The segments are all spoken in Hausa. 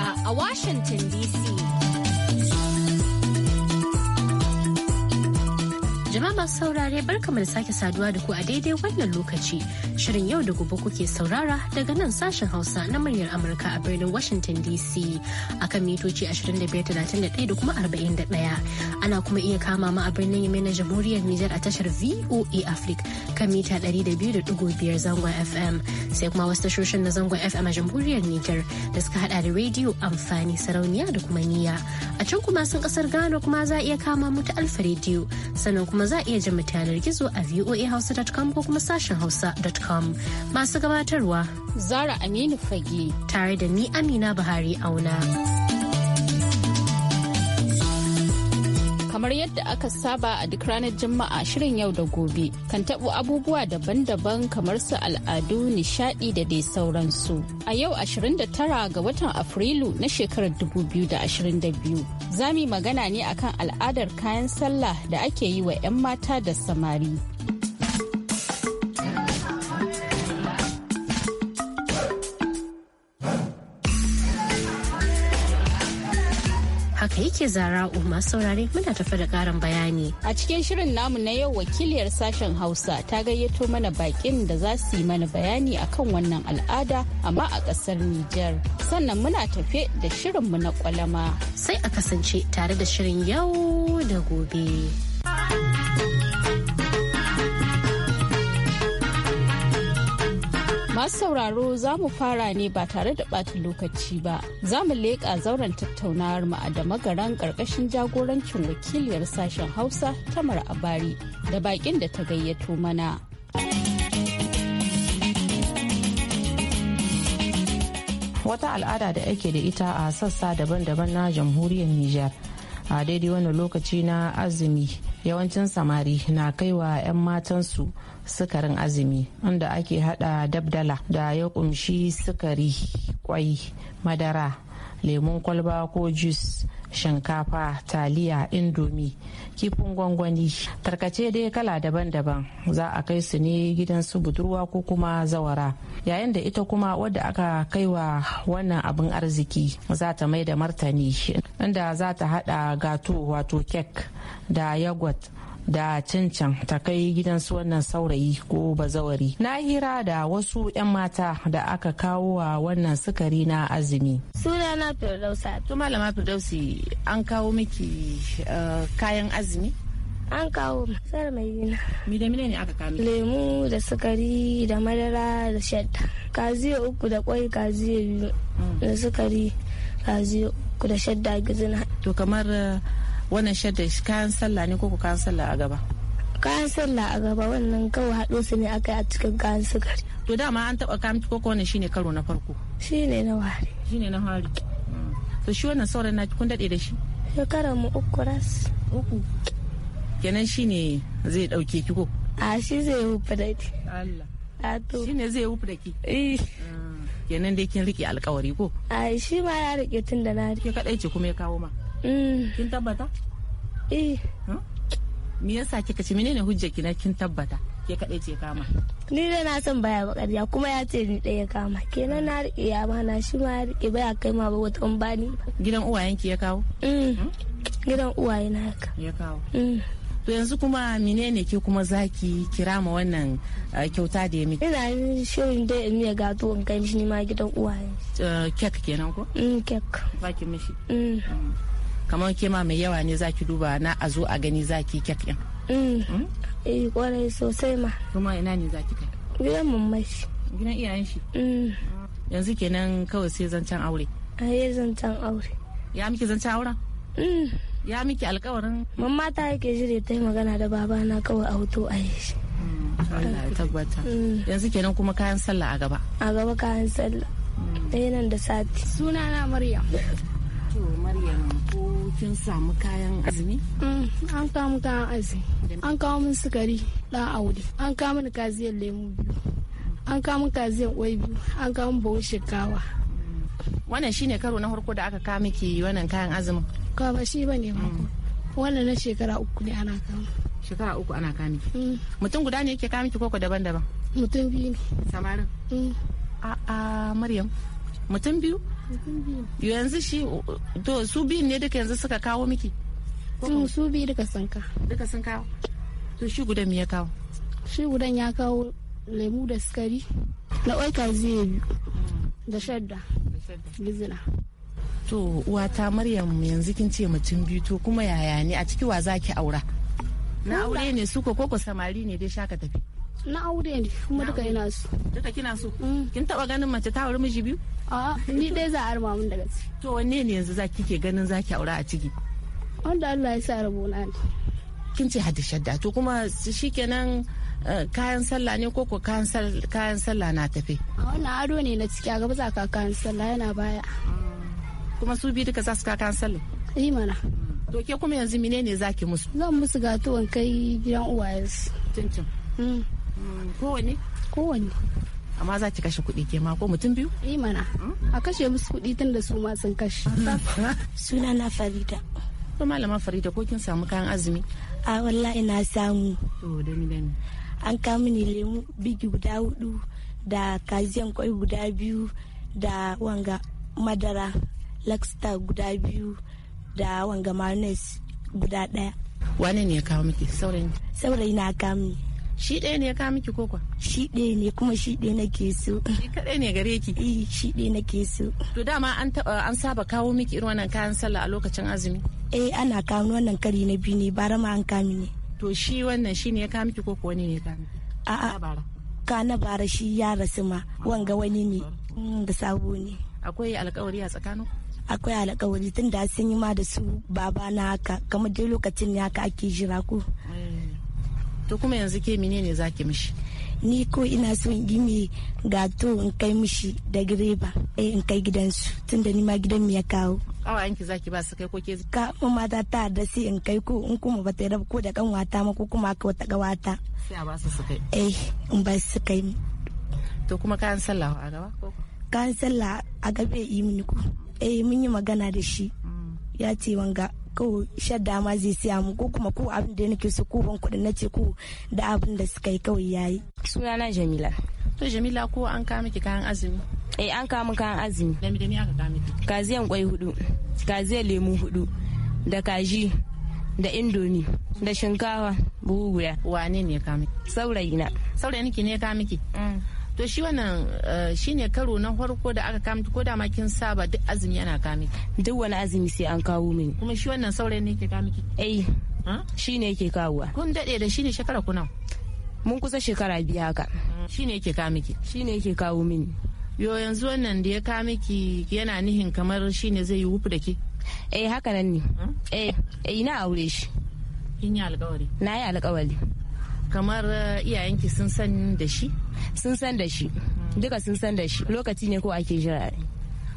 Amurka a Washington DC. Jama'a masu saurare barkamu da sake saduwa da ku a daidai wannan lokaci Shirin yau da gobe kuke saurara daga nan sashen Hausa na muryar Amurka a birnin Washington DC a kan mitoci 2531 da kuma 41. Ana kuma iya kama ma a birnin yamai na Jamhuriyar Nijar a tashar VOA Africa kan mita 200.5 zangon FM. Sai kuma wasu tashoshin na zangon FM a Jamhuriyar Nijar da suka hada da rediyo amfani sarauniya da kuma niya A can kuma sun kasar Ghana kuma za a iya kama mu Alfa rediyo sannan kuma za a iya jin yanar gizo a voahausa.com ko kuma sashen hausa.com. com masu gabatarwa Zara Aminu Fage tare da ni Amina Buhari auna. Kamar yadda aka saba a duk ranar Juma'a shirin yau da gobe kan taɓo abubuwa daban-daban kamar su al'adu, nishaɗi da dai sauransu. A yau 29 ga watan Afrilu na shekarar 2022 za mu magana ne akan al'adar kayan sallah da ake yi wa 'yan mata da samari. da yake zarauma masu saurare muna tafi da karin bayani. A cikin shirin namu na yau wakiliyar sashen Hausa ta gayyato mana bakin da za su yi mana bayani akan wannan al'ada amma a ƙasar Nijar. Sannan muna tafe da shirinmu na kwalama. Sai a kasance tare da shirin yau da gobe. Masu sauraro za mu fara ne ba tare da ɓata lokaci ba. Za mu leƙa zauren tattaunawar mu a da magaran ƙarƙashin jagorancin wakiliyar sashen Hausa Tamar Abari da baƙin da ta gayyato mana. Wata al'ada da ake da ita a sassa daban-daban na jamhuriyar Nijar. a daidai wani lokaci na azumi yawancin samari na kaiwa 'yan matansu sukarin azumi inda ake hada dabdala da ya kumshi sukari kwai madara lemun kwalba ko jus shinkafa taliya indomi kifin gwangwani tarkace dai kala daban-daban za a kai su ne gidan su budurwa ko kuma zawara yayin da ita kuma wadda aka kaiwa wannan abin arziki za ta mai da martani inda za ta hada gato wato kek da yagwat da cancan ta kai gidansu wannan saurayi ko bazawari na hira da wasu 'yan mata da aka kawo wa wannan sukari na azumi sunana firdausa to malama firdausi an kawo miki eh, kayan azumi an kawo sar mai na mida mina ne aka kawo lemu da sukari da madara da shadda kaziyo uku da kwai kaziyo biyu mm. da sukari kaziyo uku da shadda gizina to kamar eh, wannan shadda kayan sallah ne ko kayan sallah a gaba kayan sallah a gaba wannan kawai haɗo su ne aka a cikin kayan sukari to dama an taɓa kamci ko wannan shine karo na farko shine na wari shine na wari to shi wannan sauran na kun daɗe da shi shekaran mu uku ras uku kenan shine zai ɗauke ki ko a shi zai hufa da ki Allah a to shine zai hufa da ki eh. kenan dai kin rike alkawari ko a shi ma ya rike tun da na rike kaɗai ce kuma ya kawo ma Eh. kin tabbata eh me yasa kika ce menene hujjar ki na kin tabbata ke kaɗai ce kama ni da na san baya bakarya kuma ya ce ni ɗaya kama kenan na riƙe ya bana shi ma ya riƙe baya kai ma ba wata in bani gidan uwayenki ya kawo mm. gidan uwaye na haka ya kawo mm. to yanzu kuma menene ke kuma zaki kira ma wannan eh, kyauta da ya miki ina shirin da in ya gato in kai shi ma gidan uwaye kek kenan ko mm, kek baki mishi kamar ke ma mai yawa ne zaki duba na a zo a gani zaki kek ɗin. Mm. Mm? eh kwarai sosai ma kuma ina ne zaki kai gidan mummai shi gidan iyayen shi mm. yanzu kenan kawai sai zancen aure a yi zancen aure ya miki zancen auren ya miki alkawarin mamma ta yake shirya ta yi magana da babana kawai a hoto a yi shi tabbata yanzu kenan kuma kayan sallah a gaba a gaba kayan sallah ɗaya nan da sati suna na maryam to maryam kin samu kayan azumi? Mm, an kawo kayan azumi. An kawo min sukari ɗan aure. An kawo min kaziyar lemu biyu. An kawo min kaziyar ƙwai biyu. An kawo min bawon shinkawa. Wannan shine karo na farko da aka kawo miki wannan kayan azumin? Ka ba shi ba ne mm. Wannan na shekara uku ne ana kawo. Shekara uku ana kawo miki? Mm. Mutum guda ne yake kawo miki koko daban-daban? Mutum biyu ne. Samarin? A'a Maryam. Mutum biyu? yanzu shi to su biyun ne duka yanzu suka kawo miki to su biyu duka sun ka duka sun kawo to shi gudan me ya kawo shi gudan ya kawo lemu da sukari na oika zai biyu da shadda gizina to uwata maryam yanzu kin ce mutum biyu to kuma yaya ne a ciki wa zaki aura na aure ne ko ko samari ne dai shaka tafi na aure ne kuma duka ina su. duka kina su? Mm. kin taba ganin mace ta aure miji biyu a ni dai za a rama mun daga ciki to wanne ne yanzu za kike ganin za ki aure a ciki wanda Allah ya sa rabo na ne kin ce hadda shadda to kuma shikenan eh, kayan sallah ne ko ko kayan sallah na tafe a wannan ado ne na ciki a gaba za ka kayan sallah yana baya kuma su biyu duka za su kakan sallah yi mana to ke kuma yanzu menene zaki musu zan musu gatuwan kai gidan uwayensu cincin mm. kowane kowane amma za ki kashe kuɗi ke ma ko mutum biyu? Eh, mana a kashe musu kuɗi tun da su ma sun kashe. Suna na Farida. Ko malama Farida ko kin samu kayan azumi? A wallahi na samu. To dami dami. An kawo mini lemu bigi guda hudu da kaziyan kwai guda biyu da wanga madara lakstar guda biyu da wanga mayonnaise guda ɗaya. Wane ne ya kawo miki saurayi? Saurayi na kawo shi ɗaya ne ya kawo miki koko shi ɗaya ne kuma shi ɗaya nake so shi kaɗai ne gare ki eh shi ɗaya nake so to dama an taba an saba kawo miki irin wannan kayan sallah a lokacin azumi eh ana kawo wannan kari na biyu ne bara ma an kami ne to shi wannan shi ne ya kawo miki koko wani ne ya kawo a'a ka na bara shi ya rasu ma wanga wani ne mm, da sabo ne akwai alkawari a tsakanin akwai alkawari tun da sun yi ma da su baba na haka kamar dai lokacin ne haka ake jira ko eh. to kuma yanzu ke menene zaki mishi ni ko ina so in gimi gato in kai mishi da gireba eh in kai gidansu tunda ni ma gidan mu ya kawo awa yanki zaki ba su kai ko ke ka mu mata ta da si in kai ko in kuma ba ta yarda ko da kan wata ma ko kuma ka wata gawata sai a ba su su kai eh in ba su kai to kuma kayan sallah a gaba ko kayan sallah a gaba yi mini ko eh mun yi magana da shi mm. ya ce wanga ko shadda ma zai siya mu ko kuma ko abin da nake so ko ban kuɗin na ce ko da abin da suka yi kawai yayi na jamila to jamila ko an kawo miki kayan azumi eh an kawo miki kayan azumi dami dami aka kawo miki kaziyan kwai hudu kaziyan lemu hudu da kaji da indomi da shinkawa buhu guda wane ne ya kawo miki saurayi na saurayi ne ya kawo miki mm. to shi wannan eh, shine karo na farko da aka kama ko da ma kin saba duk azumi ana kama duk wani azumi sai an kawo mini kuma shi wannan saurayin ne ke kama ki eh ne yake kawuwa. kun dade da shi ne shekara kuna mun kusa shekara biyu haka ne yake ki shi ne yake kawo mini yo yanzu wannan da ya kawo ki yana nihin kamar shi ne zai yi wufu da ke eh haka nan ne eh, eh ina aure shi kin yi alƙawari. na yi alƙawari. kamar eh, iyayenki sun san da shi sun san da shi hmm. duka sun san da shi lokaci ne ko ake jira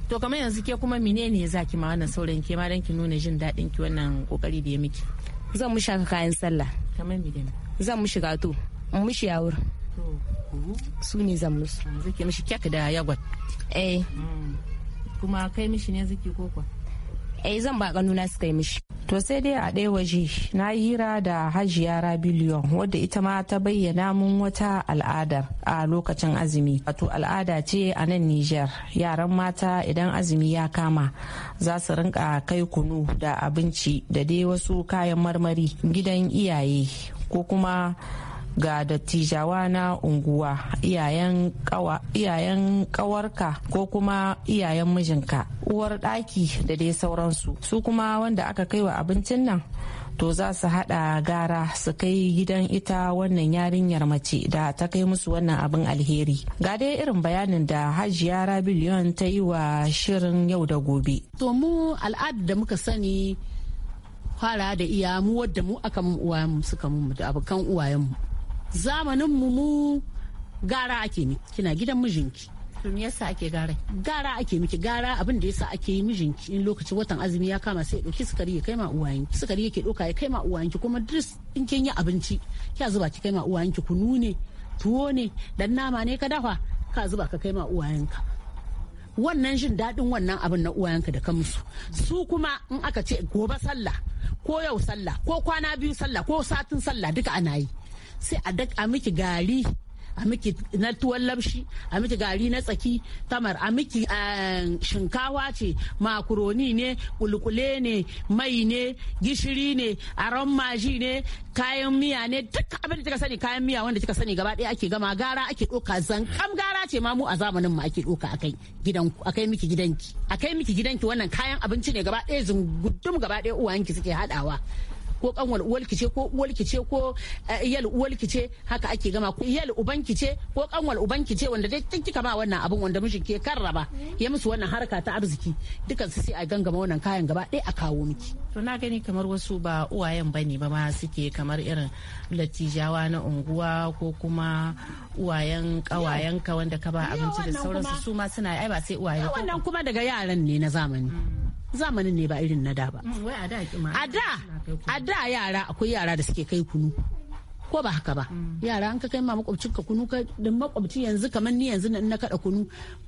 to kamar yanzu ke kuma mine ne za ki ma wannan sauran ke ma dan ki nuna jin daɗin ki wannan kokari da ya miki zan mu shaka kayan sallah kamar menene zan mu shiga to mu shi yawur su ne zan musu zaki mishi kek da yagwat eh hmm. kuma kai mishi ne zaki ko kwa eh zan ba kanuna suka yi mishi to sai dai a ɗaya waje na hira da hajiya rabiliyon wadda ita ma ta bayyana mun wata al'adar a lokacin azumi wato al'ada ce a nan niger yaran mata idan azumi ya kama za su rinka kai kunu da abinci da dai wasu kayan marmari gidan iyaye ko kuma ga dattijawa na unguwa iyayen kawarka ko kuma iyayen mijinka uwar ɗaki da dai sauransu su kuma wanda aka kai wa abincin nan to za su hada gara su kai gidan ita wannan yarinyar mace da ta kai musu wannan abin alheri ga dai irin bayanin da hajiya rabiliyon ta yi wa shirin yau da gobe to mu al'adar da muka sani fara da iya mu wadda mu aka mu uwayenmu suka mu da abokan uwayenmu zamanin mu mu gara ake miki kina gidan mijinki to yasa ake gara gara ake miki gara abin da yasa ake yi mijinki in lokacin watan azumi ya kama sai ya dauki sukari ya kai ma uwayenki sukari yake doka ya kai ma uwayenki kuma dris in kin yi abinci kya zuba ki kai ma uwayenki kunu ne tuwo ne dan nama ne ka dafa ka zuba ka kai ma uwayenka wannan jin daɗin wannan abin na uwayenka da kamsu su kuma in aka ce gobe sallah ko yau sallah ko kwana biyu sallah ko satin sallah duka ana yi sai a a miki gari a miki na tuwon lamshi a miki gari na tsaki tamar a miki eh, shinkawa ce makuroni ne kulkule ne mai ne gishiri ne aron maji ne kayan miya ne duk abin da kika sani kayan miya wanda kika sani gaba ɗaya ake gama gara ake ɗoka zankam gara ce ma mu a zamanin mu ake ɗoka akai gidanku akai miki gidanki akai miki gidanki wannan kayan abinci ne gaba ɗaya zungudum gaba ɗaya uwayenki suke haɗawa ko kanwal uwarki ce ko uwarki ce ko eh, iyal uwarki ce haka ake gama ko yal ubanki ce ko kanwal ubanki ce wanda dai kika ma wannan abun wanda mishi ke karraba ya musu wannan harka ta arziki dukan su sai a gangama wannan kayan gaba ɗaya a kawo miki to na gani kamar wasu ba uwayen bane ba ma suke kamar irin latijawa na unguwa ko kuma uwayen kawayen ka wanda ka ba abinci da sauransu su ma suna ai ba sai uwaye wannan kuma daga yaran ne na zamani mm. zamanin ne ba irin na da ba mm, a da a da yara akwai yara da suke kai kunu ko ba haka ba mm. yara an ka kai ma ka kunu ka da makwabci yanzu kamar ni yanzu na kada kunu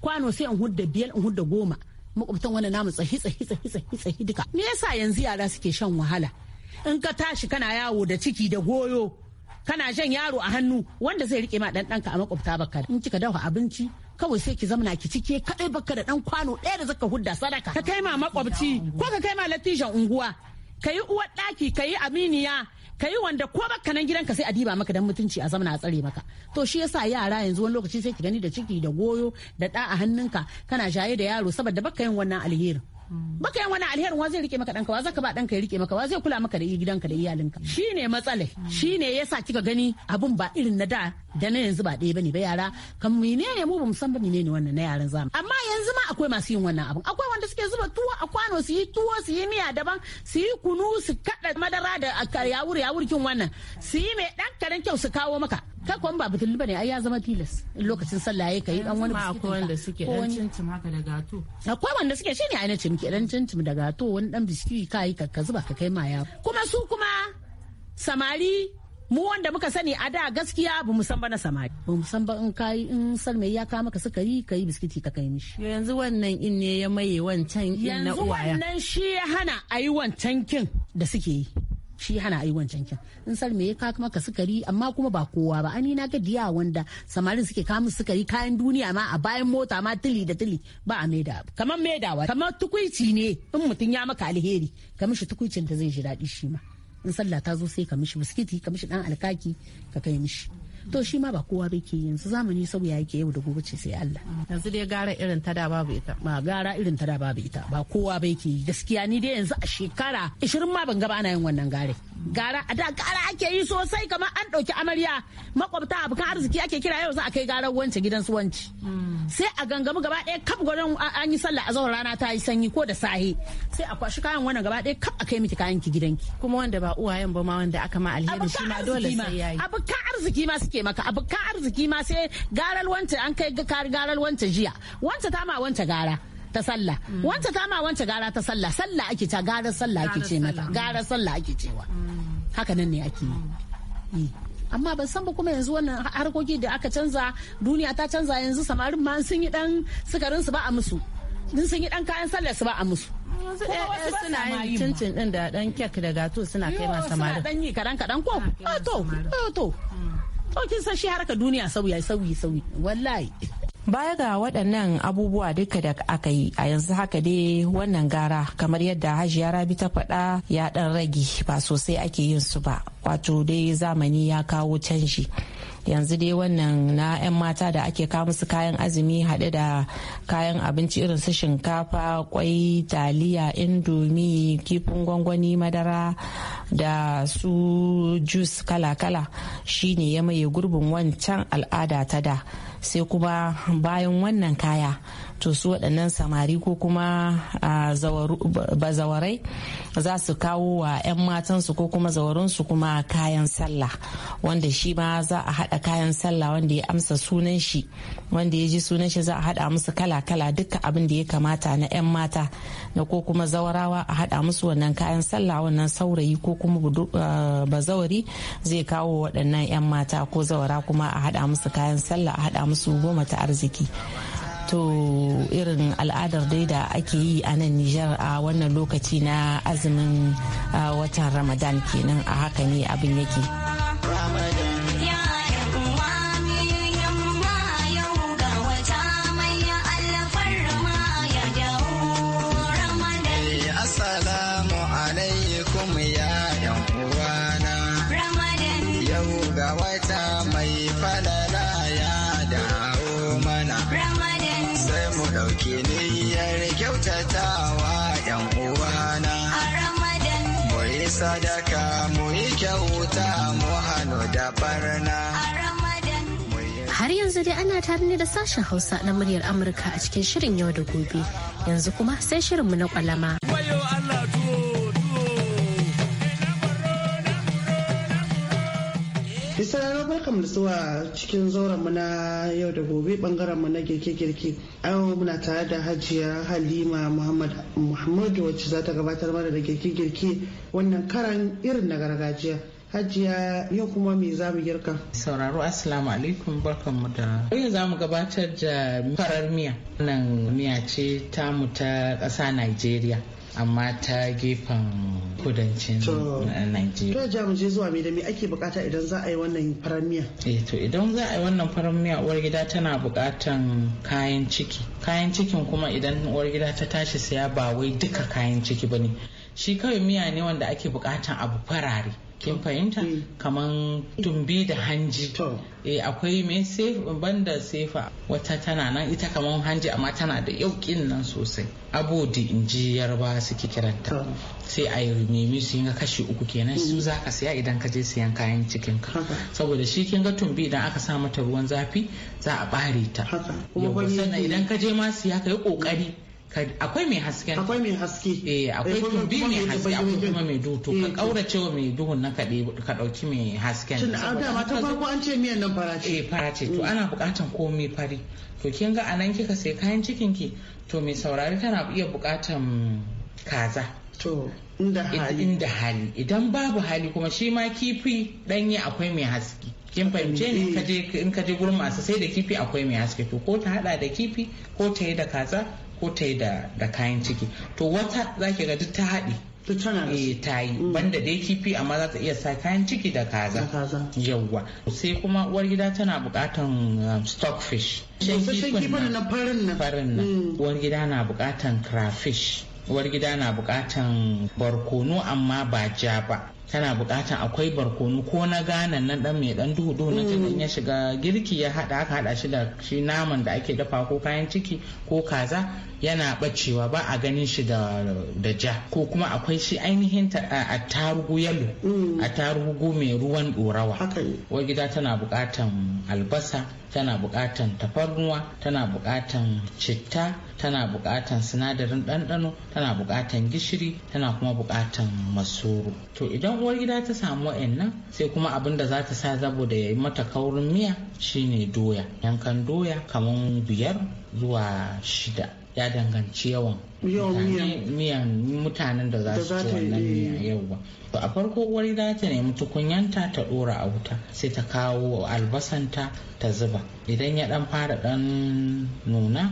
kwano sai in hudda biyar in hudda goma makwabtan wani namu tsahi tsahi tsahi tsahi tsahi duka me yasa yanzu yara suke shan wahala in ka tashi kana yawo da ciki da goyo kana shan yaro a hannu wanda zai rike ma ɗanɗanka a makwabta baka in kika dafa abinci kawai sai ki zamana ki cike kadai baka da dan kwano ɗaya da zaka hudda sadaka ka kai ma makwabci ko ka kai ma latijan unguwa ka yi uwar daki ka yi aminiya ka yi wanda ko baka nan gidanka sai a diba maka dan mutunci a zamana a tsare maka to shi yasa yara yanzu wani lokaci sai ki gani da ciki da goyo da ɗa a hannunka kana shaye da yaro saboda baka yin wannan alherin baka yin wani alherin wa zai rike maka danka wa zaka ba danka ya rike maka wa zai kula maka da gidanka da iyalinka shine matsalai shine yasa kika gani abun ba irin na da da na yanzu ba ɗaya bane ba yara kan menene mu bamu san menene wannan na yaran zamu amma yanzu ma akwai masu yin wannan abun akwai wanda suke zuba tuwo a kwano su yi tuwo su yi miya daban su yi kunu su kada madara da yawur yawur kin wannan su yi mai dan karan kyau su kawo maka kai kuwan ba butulli ba ai ya zama tilas lokacin sallah ya kai dan wani biskit akwai wanda suke dan cincim haka da gato akwai wanda suke shine ai na cimki dan cincim da gato wani dan biskit kai ka ka zuba ka kai ma ya kuma su kuma samari mu wanda muka sani a da gaskiya ba mu san ba na samari ba mu san ba in kai in san mai ya ka maka sukari kai biskiti ka kai mishi yanzu wannan in ne ya maye wancan in na uwaya yanzu wannan shi ya hana ayi wancan kin da suke yi shi hana ayi wancan kin in sar me ya ka maka sukari amma kuma ba kowa ba ani na ga diya wanda samarin suke kamun sukari kayan duniya ma a bayan mota ma tili da tili ba a maida kamar wa kamar tukuici ne in mutum ya maka alheri ka mishi tukuicin zai ji daɗi shi ma in sallah ta zo sai ka mishi biskiti ka mishi dan alkaki ka kai mishi to shi ma ba kowa ba ke su zamani sauya yake yau da gobe ce sai Allah yanzu dai gara irin ta da babu ita ma gara irin ta da babu ita ba kowa ba ke gaskiya ni dai yanzu a shekara 20 ma ban gaba ana yin wannan gare gara a da gara ake yi sosai kamar an ɗauki amarya makwabta abokan arziki ake kira yau za a kai garar wance gidan su wance sai a gangamu gaba ɗaya kap gurin an yi sallah a zaun rana ta yi sanyi ko da sahi sai a kwashi kayan wannan gaba ɗaya kap a kai miki kayan ki gidanki kuma wanda ba uwayen ba ma wanda aka ma alheri shi ma dole sai yayi abokan arziki ma suke rike maka abu ka arziki ma sai garal wanta an kai garal wanta jiya wanta ta ma wanta gara ta sallah mm. wanta ta ma wanta gara ta sallah sallah ake ta gara sallah ake ce mata gara sallah ake cewa mm. haka nan ne ake yi mm. eh. amma ban san ba kuma yanzu wannan harkoki da aka canza duniya ta canza yanzu samarin ma sun yi dan sukarin su ba a musu din sun yi dan kayan sallah su ba a musu yanzu ɗaya eh, eh, suna yin cincin din da dan kek da gato suna kai ma samarin suna dan yi kadan ah, kadan ko to ah, to to kin san shi haraka duniya sauya sauyi sauyi wallahi baya ga waɗannan abubuwa duka da aka yi a yanzu haka dai wannan gara kamar yadda hajiya rabi ta faɗa ya ɗan rage ba sosai ake yin su ba wato dai zamani ya kawo canji yanzu dai wannan na 'yan mata da ake kawo musu kayan azumi haɗe da kayan abinci irin su shinkafa kwai taliya indomi kifin gwangwani madara da su jus kala-kala shine ya maye gurbin wancan al'ada ta da sai kuma bayan wannan kaya to su waɗannan samari ko kuma bazawarai za su kawo wa 'yan matansu ko kuma zawarinsu kuma kayan sallah wanda shi ma za a haɗa kayan sallah wanda ya amsa sunan shi wanda ya ji sunan shi za a haɗa musu kala-kala duka abin da ya kamata na 'yan mata na ko kuma zawarawa a haɗa musu wannan kayan sallah wannan saurayi ko kuma bazawari zai kawo waɗannan 'yan mata ko zawara kuma a haɗa musu kayan sallah a haɗa musu goma ta arziki to irin al'adar dai da ake yi a nan Nijar a wannan lokaci na azumin watan Ramadan kenan a haka ne abin yake. ana tare ne da sashen Hausa na muryar Amurka a cikin shirin yau da gobe. Yanzu kuma sai shirinmu na kwalama. bisa na barkamu da zuwa cikin zauren mu na yau da gobe bangaren mu na girke-girke yau muna tare da hajiya halima muhammad muhammadu wacce za ta gabatar mana da girke-girke wannan karan irin na gargajiya Hajiya yau kuma me za mu girka? Sauraro Assalamu alaikum mu da. Yau za mu gabatar da farar miya. Nan miya ce tamu ta ƙasa Najeriya. amma ta gefen kudancin Najeriya. To ja je zuwa me da me ake bukata idan za a yi wannan farar miya? Eh to idan za a yi wannan farar miya uwar gida tana bukatan kayan ciki. Kayan cikin kuma idan uwar gida ta tashi saya ba wai duka kayan ciki bane. Shi kawai miya ne wanda ake bukatan abu farare. kin fahimta mm. kaman tumbi da hanji eh akwai mai sefa banda sefa wata tana nan ita kaman hanji amma tana da yaukin nan sosai abodi in ji yarba suke kiranta sai a nemi su ga kashi uku kenan su mm. za ka siya idan ka je siyan kayan cikin ka saboda shi kin ga tumbi idan aka sa mata ruwan zafi za a bare ta yau idan ka je ma siya ka yi kokari akwai mai hasken akwai mai haske eh akwai eh, tumbi mai haske akwai kuma mai duhu ka kaura eh, wa mai duhun na kaɗe ka ɗauki mai hasken tun a dama ta farko an ce miyan nan farace eh farace to ana ko mai fari to kin ga anan kika sai kayan cikin ki to mai saurari tana iya bukatan kaza to inda hali inda hali idan babu hali kuma shi ma kifi ɗanye akwai mai haske kin fahimce ni eh. in ka je gurin masu sai da kifi akwai mai haske to ko ta hada da kifi ko ta yi da kaza ko ta yi da kayan ciki to wata za ki ga duk ta haɗi eh ta yi mm. banda dai kifi amma za ta iya sa kayan ciki da kaza yawwa sai kuma uwar gida tana bukatan um, stockfish shan kifin na farin na mm. uwar gida na bukatan crayfish uwar gida na bukatan barkono amma ba ja ba tana bukatan akwai barkono ko na ganan na dan mai dan duhu duhu nan mm. ya shiga girki ya hada aka hada shi da shi naman da ake dafa ko kayan ciki ko kaza yana bacewa ba a ganin shi da ja ko kuma akwai shi ainihin ta a tarugu yalo mm. a tarugu mai ruwan dorawa uwar gida tana bukatan albasa tana bukatan tafarnuwa tana bukatan citta tana buƙatan sinadarin ɗanɗano tana buƙatan gishiri tana kuma buƙatan masoro to idan uwar gida ta samu wa'annan sai kuma abin da za ta sa zabo da ya yi mata kaurin miya shine doya yankan doya kamar biyar zuwa shida ya danganci yawan miyan mutanen da za su ci wannan miya ba. to a farko uwar gida ta nemi tukunyanta ta dora a wuta sai ta kawo albasanta ta zuba idan ya dan fara dan nuna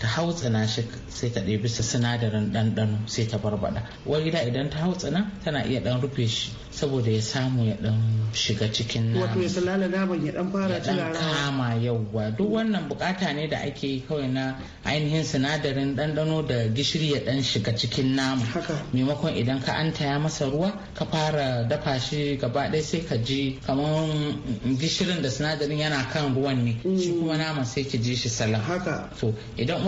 ta hautsina shi sai ta ɗebi sa sinadarin ɗanɗano sai ta barbaɗa wargida idan ta tsana tana iya ɗan rufe shi saboda ya samu ya ɗan shiga cikin nama wato ya salala naman ya ɗan fara ya kama yauwa duk wannan bukata ne da ake kawai na ainihin sinadarin ɗanɗano da gishiri ya ɗan shiga cikin nama maimakon idan ka an taya masa ruwa ka fara dafa shi gaba ɗaya sai ka ji kamar gishirin da sinadarin yana kan ruwan ne shi mm. kuma nama sai ki ji shi salam haka to idan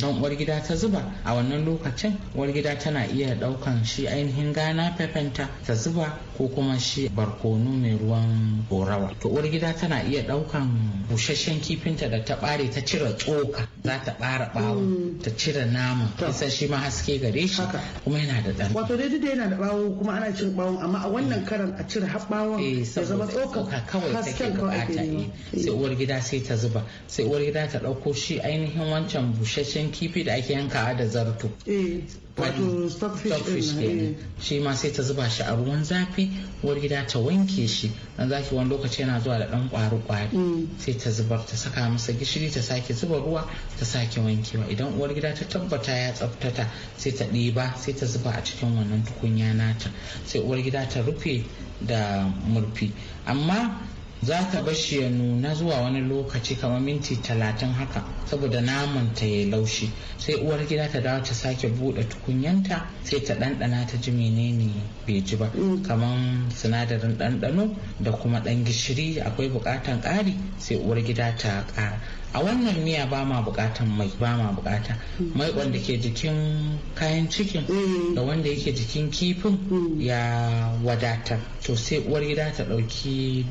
don uwar ta zuba a wannan lokacin uwar tana iya daukan shi ainihin gana pepenta ta zuba ko kuma shi barkono mai ruwan gorawa to uwar tana iya daukan busasshen kifinta da ta bare ta cire tsoka za ta bara bawo hmm. ta cire naman kusan shi ma haske gare shi kuma yana da ɗan wato dai da yana da bawo kuma ana cin bawo amma a wannan hmm. karan a cire har bawon eh, ya zama tsoka kawai ke bukata eh. sai uwar gida sai ta zuba sai uwar gida ta ɗauko shi ainihin wancan busasshen kifi da ake yankawa da zarto eh. wato stockfish kenan eh. shi ma sai ta zuba shi a ruwan zafi uwargida gida ta wanke shi na zafi wani lokaci yana zuwa da dan kwari kwari mm. sai ta zubar ta saka masa gishiri ta sake zuba ruwa ta sake wankewa idan uwar gida ta tabbata ya tsaftata sai ta ɗiba sai ta zuba a cikin wannan tukunya nata sai uwar gida ta rufe da murfi amma za ta bashi ya nuna zuwa wani lokaci kamar minti talatin haka saboda naman ta ya laushi sai uwar gida ta dawo ta sake bude tukunyanta sai ta ɗanɗana ta ji menene bai ji ba mm. kamar sinadarin ɗanɗano da kuma ɗan gishiri akwai buƙatan ƙari sai uwar gida ta ƙara a wannan miya ba ma bukatan mai ba ma bukata mm. mai wanda ke jikin kayan cikin mm. da wanda yake jikin kifin mm. ya wadata to sai uwar gida ta dauki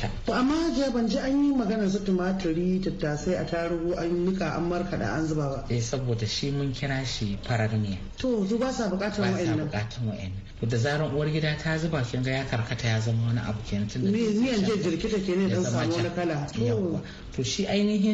ta. to amma je ban ji an yi magana su tumaturi tattasai a tarugu an nika an da an zuba ba eh saboda shi mun kira shi farar miya to zu ba sa bukatan wa'annan ba sa bukatan wa'annan da zaran uwar gida ta zuba kin ga ya karkata ya zama wani abu kenan tunda miyan je jirkita kenan dan samu wani kala to shi ainihin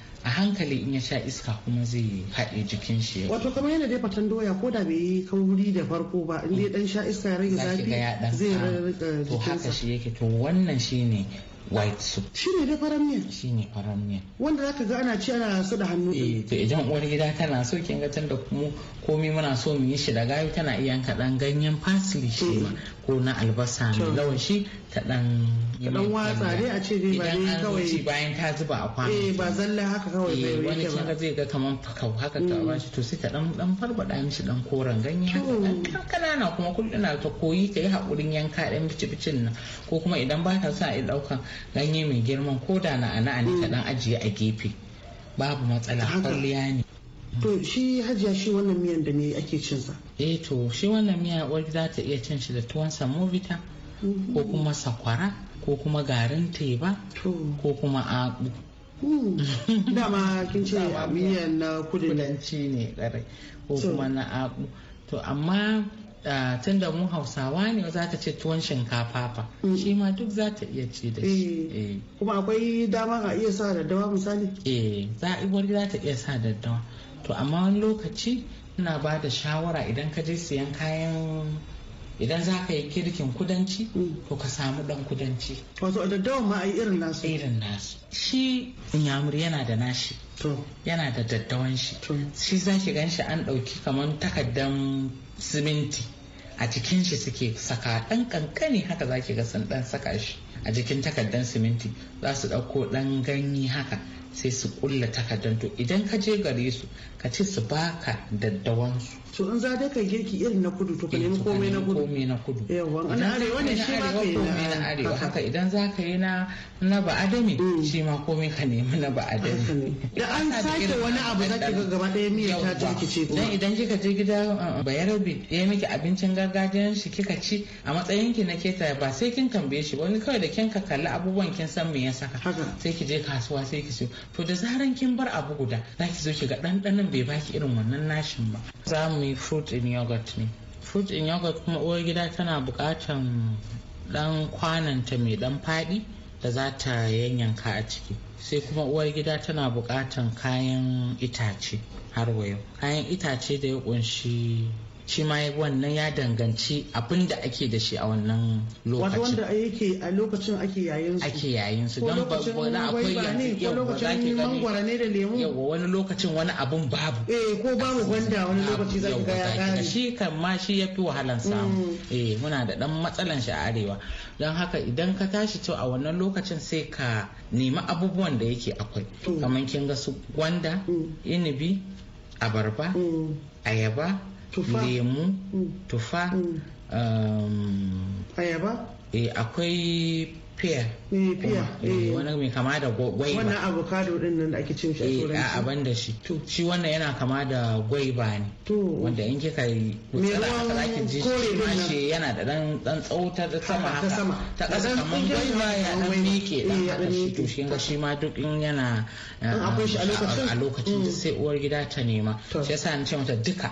a hankali in ya sha iska kuma zai haɗe jikin shi wato kamar yana dai fatan doya ko da bai kauri da farko ba in dai dan sha iska ya rage zafi zai rarrika jikinsa to haka shi yake to wannan shine white soup ne dai faran miya ne faran miya wanda zaka ga ana ci ana su da hannu eh to idan uwar gida tana so kin ga tunda kuma komai muna so mu yi shi da gayu tana iya yanka dan ganyen parsley shi ma ko na albasa mai lawashi ta dan dan watsa dai a ce dai ba dai kawai bayan ta zuba a kwano eh ba zalla haka kawai bai eh, wani kin ga zai ga kaman ka haka ta mm. ba shi to sai ta dan dan farbada mishi dan koren ganye haka dan kanana kuma kulluna ta koyi ta yi hakurin yanka dan bici bicin nan ko kuma idan ba ta sa a daukan ganye mai girman ko da na ana ne ta dan mm. ajiye a gefe babu matsala kwalliya ne to shi hajiya shi wannan miyan da ne ake cin sa eh to shi wannan miya wani za ta iya cin shi da tuwon samovita ko mm-hmm. kuma sakwara ko kuma garin teba ko kuma abu mm. dama kin ce miyan na kudanci ne kare ko kuma na abu to amma tun da mu hausawa ne za ta ce tuwon shinkafa fa mm. shi ma duk za ta iya ci da shi eh. Eh. kuma akwai dama a iya sa daddawa misali eh za a ta iya sa daddawa to amma wani lokaci ina ba da shawara idan ka je siyan kayan idan za ka yi kirkin kudanci mm. to ka samu dan kudanci wato daddawa ma a yi irin nasu irin nasu shi nyamur yana da nashi yana da daddawan shi shi za shi gan shi an ɗauki kamar takaddan siminti a cikin shi suke saka ɗan kankani haka za ki ga sun ɗan saka shi a jikin takardar siminti za su ɗauko ɗan ganye haka sai su kulla takardar to idan ka je gare su ka ce su baka daddawan su to in za ka girki irin na kudu to ka eh, nemi komai na kudu komai na kudu yawa na arewa ne shi ma ka yi na arewa haka idan za ka yi na na ba adami mm. shi ma komai ka nemi na ba adami da an sake wani abu za ki ga gaba daya miya ta turkice kuma dan idan kika je gida uh, bayarabe ya miki abincin gargajiyan shi kika ci a matsayin ki na keta ba sai kin tambaye shi wani kawai da kin ka kalli abubuwan kin san me ya saka sai ki je kasuwa sai ki siyo to da zaran kin bar abu guda za ki zo ki ga ɗanɗanon bai baki irin wannan nashin ba za mu yi fruit in yogurt ne fruit in yogurt kuma uwar gida tana buƙatan ɗan kwananta mai ɗan faɗi da za ta yanyanka a ciki sai kuma uwar gida tana buƙatan kayan itace har wayo kayan itace da ya ƙunshi shi ma wannan ya danganci abin da ake da shi a wannan lokacin wato wanda yake a lokacin ake yayin su ake yayin su don ba wani akwai yanzu yau ba za ki gani ne da lemu wani lokacin wani abun babu eh ko babu gwanda wani lokaci za ki ga ya kare shi kan ma shi yafi wahalan samu mm. eh muna da dan matsalan shi a arewa don haka idan ka tashi to a wannan lokacin sai ka nemi abubuwan da yake akwai mm. kamar kin ga su gwanda mm. inibi abarba ayaba lemu mm. tufa mm. Um, ayaba eh, akwai pear eh, eh, wani mai kama da gwaiba wannan avocado din nan da ake cin shi a turanci da shi shi wannan yana kama da gwaiba ne wanda in kika yi kutsala a zaki ji shi ma shi yana da dan dan tsauta da sama haka ta kasa kaman gwaiba ya dan miƙe dan haka shi to shi ga shi ma duk in yana um, a lokacin mm. sai uwar gida ta nema shi yasa an ce mata duka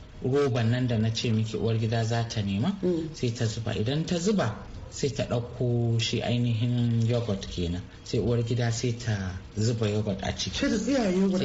roban nan da na ce miki uwar gida za ta nema mm. sai ta zuba idan ta zuba sai ta ɗauko shi ainihin yogurt kenan sai uwar gida sai ta zuba yogurt a ciki sai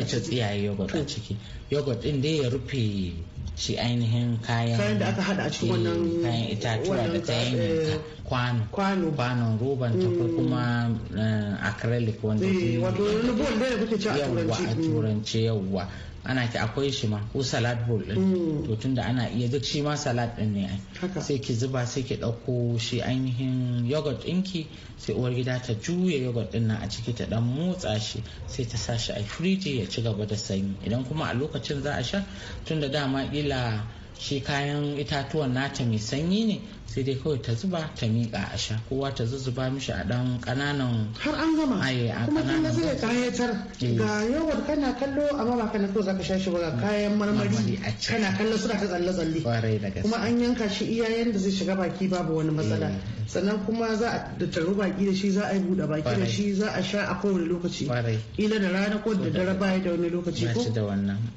ta tsiyaye yogurt a ciki yogurt din dai ya rufe shi ainihin kayan da aka hada a cikin wannan eh, kayan itatuwa da ta yanka eh, kwano kwanon roban ta ko mm. kuma eh, acrylic wanda wato wani da kuke ci a yawwa a turanci mm. yawwa ana ki akwai shi ma ko salad bowl din mm. to tunda ana iya duk shi ma salad din ne ai sai ki zuba sai ki dauko shi ainihin yogurt ɗinki sai uwar gida ta juya yogurt din nan a ciki ta dan motsa shi sai ta sa shi a firiji ya ci gaba da sanyi idan kuma a lokacin za a sha tunda dama kila shi kayan itatuwan nata mai sanyi ne sai dai kawai ta zuba ta miƙa a sha kowa ta zuzzuba mishi a ɗan kananan har an gama ai a kuma kin ga zai kayatar eh. ga yogurt kana kallo amma ba kana so zaka sha shi ba ga kayan marmari kana kallo suna ta tsalle tsalle kuma an yanka shi iya yanda zai shiga baki babu wani matsala eh. sannan kuma za a da taru baki da shi za a yi buɗe baki da shi za a sha a kowane lokaci kila da rana ko da dare baya da wani lokaci ko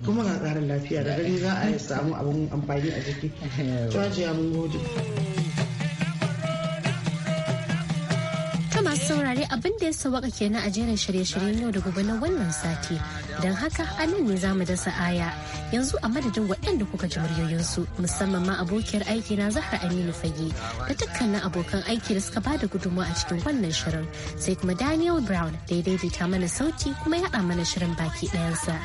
kuma ga tsarin lafiya da gari za a samu abun amfani a jiki. Jajiya mun gode. abin da ya sawaka kenan a jerin shirye-shiryen yau da gobe na wannan sati. Don haka a ne za mu dasa aya yanzu a madadin waɗanda kuka ji muryoyinsu musamman ma abokiyar aiki na Zahra Aminu Fage da dukkanin abokan aiki da suka bada gudunmawa a cikin wannan shirin sai kuma Daniel Brown da ya mana sauti kuma ya mana shirin baki ɗayansa.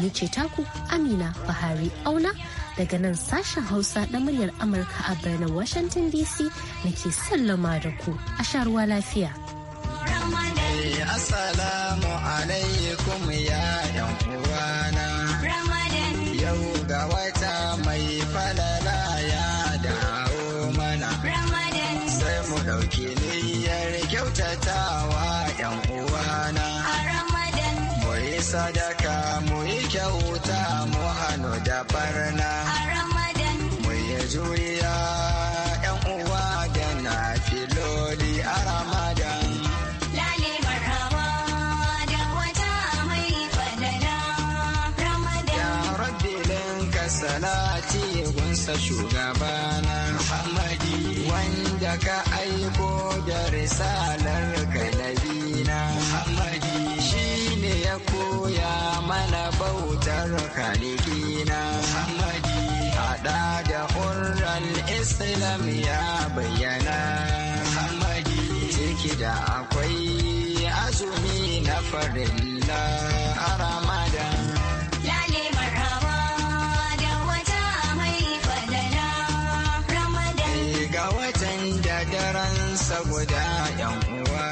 Ni ce taku Amina bahari Auna daga nan sashen Hausa na muryar Amurka a birnin Washington DC nake sallama da ku a sharuwa lafiya. asalamu alaikum ya ‘yan uwana. Yau ga wata mai falala ya dawo mana. Sai mu ɗauki niyyar kyautatawa ‘yan uwana. Mu yi sadaka mu yi kyauta mu hannu da barna. Mu yi juriya. bisa shugabana Muhammadi wanda ka aiko da risalar kalabina Muhammadi shi ne ya koya mana bautar kalikina Muhammadi hada da hurral Islam ya bayyana Muhammadi ciki da akwai azumi na farin